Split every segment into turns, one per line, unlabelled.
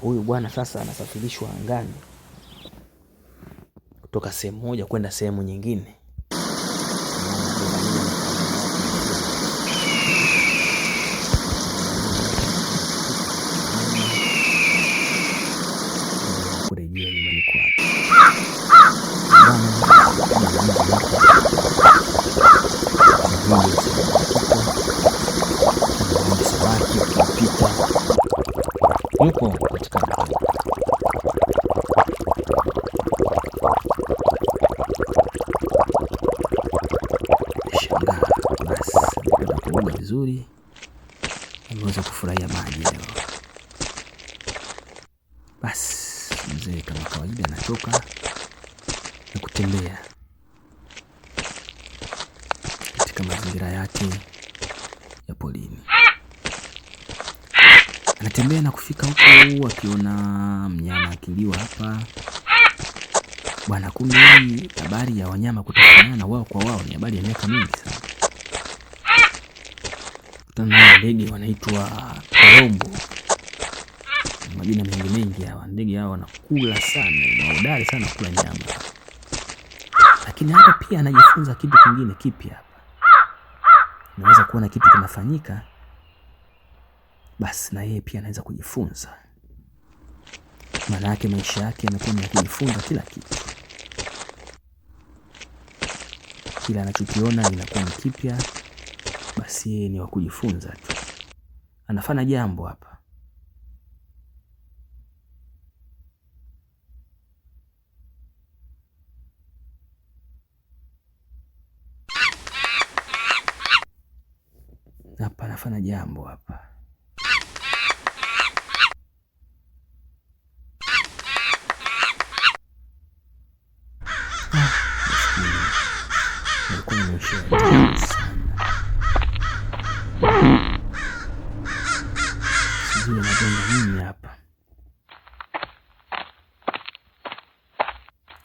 huyu bwana sasa anasafirishwa angani kutoka sehemu moja kwenda sehemu nyingine. vizuri aliweza kufurahia maji leo. Basi mzee kama kawaida anatoka na kutembea katika mazingira yake ya polini, anatembea na kufika huku akiona mnyama akiliwa hapa bwana. Kumbe hii habari ya wanyama kutafanyana wao kwa wao ni habari ya miaka mingi sana. Tanzania ndege wanaitwa korombo, majina mengi mengi hawa ndege hawa, wanakula sana, mahodari sana kula nyama. Lakini hapa pia anajifunza kitu kingine kipya. Hapa naweza kuona kitu kinafanyika, basi na yeye pia anaweza kujifunza. Maana yake maisha yake yamekuwa ni kujifunza kila kitu, kila anachokiona inakuwa ni kipya sie ni wa kujifunza tu, anafanya jambo hapa. Hapa anafanya jambo hapa. Ah, Sijui anagonga nini hapa.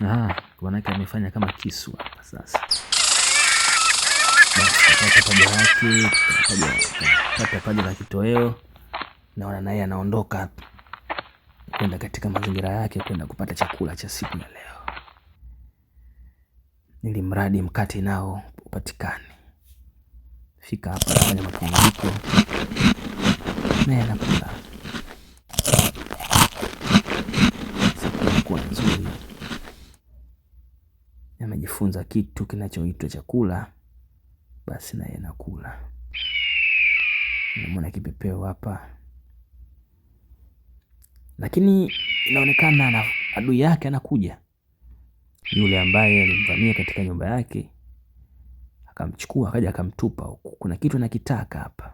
Ah, kuonake amefanya kama kisu hapa sasa. Basi paja lake pata paja la kitoweo, naona naye anaondoka hapa kwenda katika mazingira yake kwenda kupata chakula cha siku ya leo, ili mradi mkate nao upatikane fika hapa nafanya mapumziko na yanakula kuwa nzuri, amejifunza kitu kinachoitwa chakula, basi naye nakula. Namwona kipepeo hapa, lakini inaonekana adui yake anakuja, yule ambaye alimvamia katika nyumba yake akamchukua akaja akamtupa huku, kuna kitu anakitaka hapa.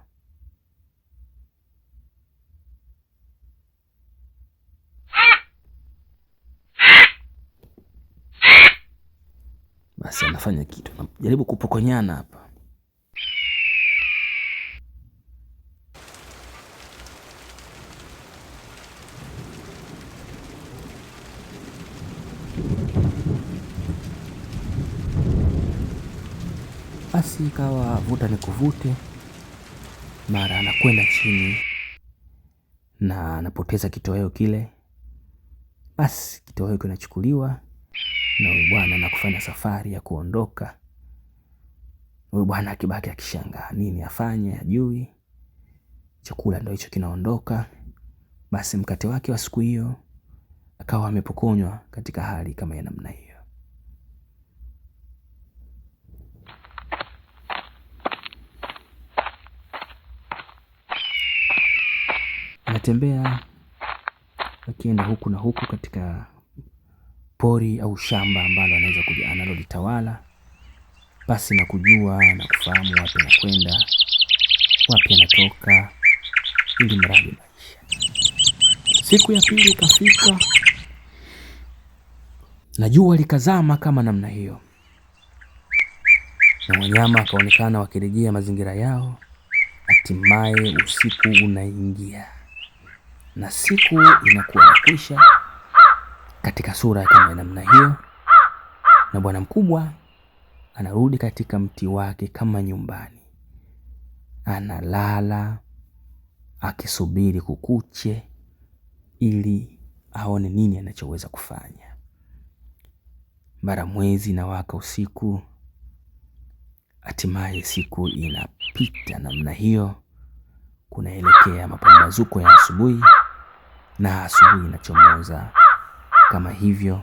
Basi anafanya kitu, anajaribu kupokonyana hapa Basi ikawa vuta ni kuvute, mara anakwenda chini na anapoteza kitoweo kile. Basi kitoweo kinachukuliwa na huyu bwana na kufanya safari ya kuondoka. Huyu bwana akibaki akishangaa nini afanye, ajui. Chakula ndo hicho kinaondoka. Basi mkate wake wa siku hiyo akawa amepokonywa katika hali kama ya namna hiyo. wanatembea akienda huku na huku katika pori au shamba ambalo anaweza kuja analolitawala basi na kujua na kufahamu wapi anakwenda, wapi anatoka, ili mradi maisha. Siku ya pili ikafika na jua likazama kama namna hiyo, na wanyama wakaonekana wakirejea mazingira yao. Hatimaye usiku unaingia na siku inakuwa inakwisha katika sura kama namna hiyo, na bwana mkubwa anarudi katika mti wake kama nyumbani, analala akisubiri kukuche ili aone nini anachoweza kufanya. Mara mwezi na waka usiku, hatimaye siku inapita namna hiyo, kunaelekea mapambazuko ya asubuhi na asubuhi inachomoza kama hivyo,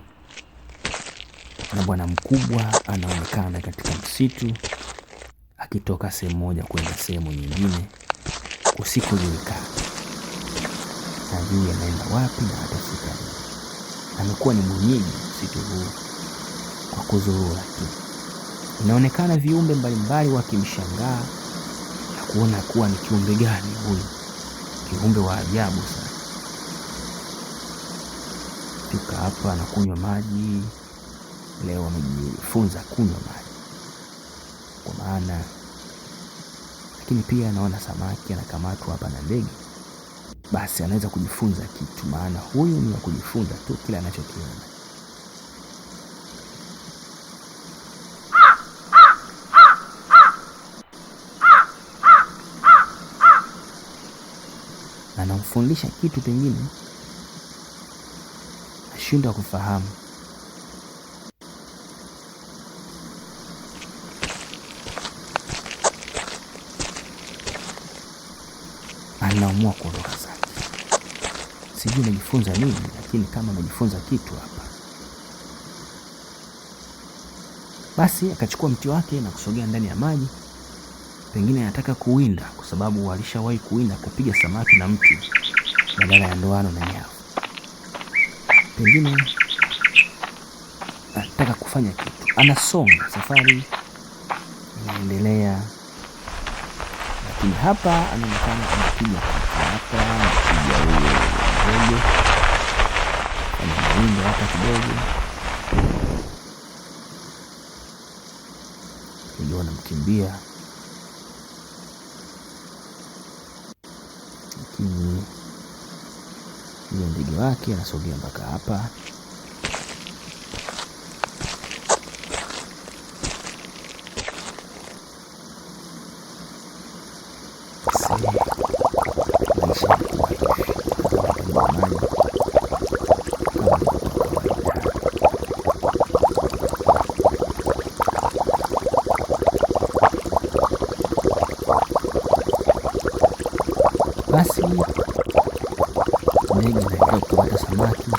na bwana mkubwa anaonekana katika msitu akitoka sehemu moja kwenda sehemu nyingine kusikojulikana. Hajui anaenda wapi na atafika. Amekuwa ni mwenyeji msitu huu kwa kuzurura tu. Inaonekana viumbe mbalimbali wakimshangaa na kuona kuwa ni kiumbe gani huyu, kiumbe wa ajabu sana. Anafika hapa kunywa maji. Leo amejifunza kunywa maji kwa maana, lakini pia anaona samaki anakamatwa hapa na ndege, basi anaweza kujifunza kitu, maana huyu ni wa kujifunza tu kile anachokiona. Anamfundisha kitu pengine kushindwa kufahamu. Anaamua kuondoka zake. Sijui najifunza nini, lakini kama amejifunza kitu hapa. Basi akachukua mti wake na kusogea ndani ya maji, pengine anataka kuwinda, kwa sababu walishawahi kuwinda kupiga samaki na mti badala ya ndoano na nyavu pengine anataka kufanya kitu, anasonga. Safari inaendelea, lakini hapa anaonekana anapiga hapa, anapiga huyo mgogo, anawinda hapa kidogo, ndio anamkimbia lakini huyo ndege wake anasogea mpaka hapa. Thank you. Ngayon, nagkagtuwa na sa mati.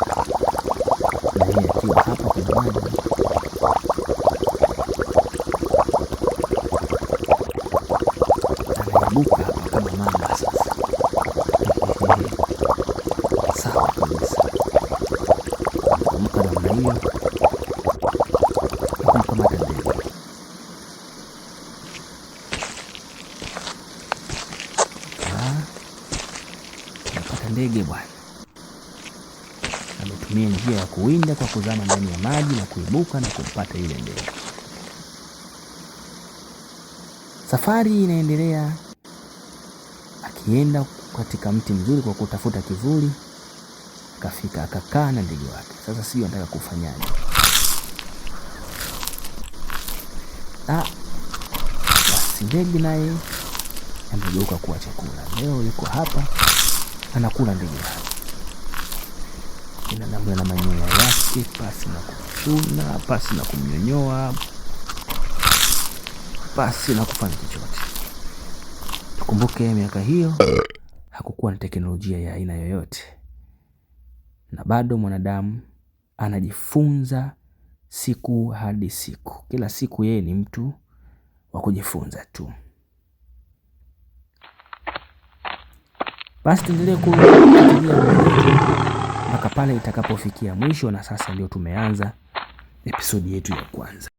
kutumia njia ya kuwinda kwa kuzama ndani ya maji na kuibuka na kumpata yule ndege. Safari inaendelea, akienda katika mti mzuri kwa kutafuta kivuli, akafika akakaa na ndege wake. Sasa sijui anataka kufanyaje. Ah, basi ndege naye amegeuka kuwa chakula. Leo yuko hapa anakula ndege wake binadamu na manyoya yake pasi na kufuna pasi na kumnyonyoa, pasi na kufanya chochote. Tukumbuke miaka hiyo hakukuwa na teknolojia ya aina yoyote, na bado mwanadamu anajifunza siku hadi siku. Kila siku yeye ni mtu wa kujifunza tu. Basi tuendelee kufuatilia mpaka pale itakapofikia mwisho, na sasa ndio tumeanza episodi yetu ya kwanza.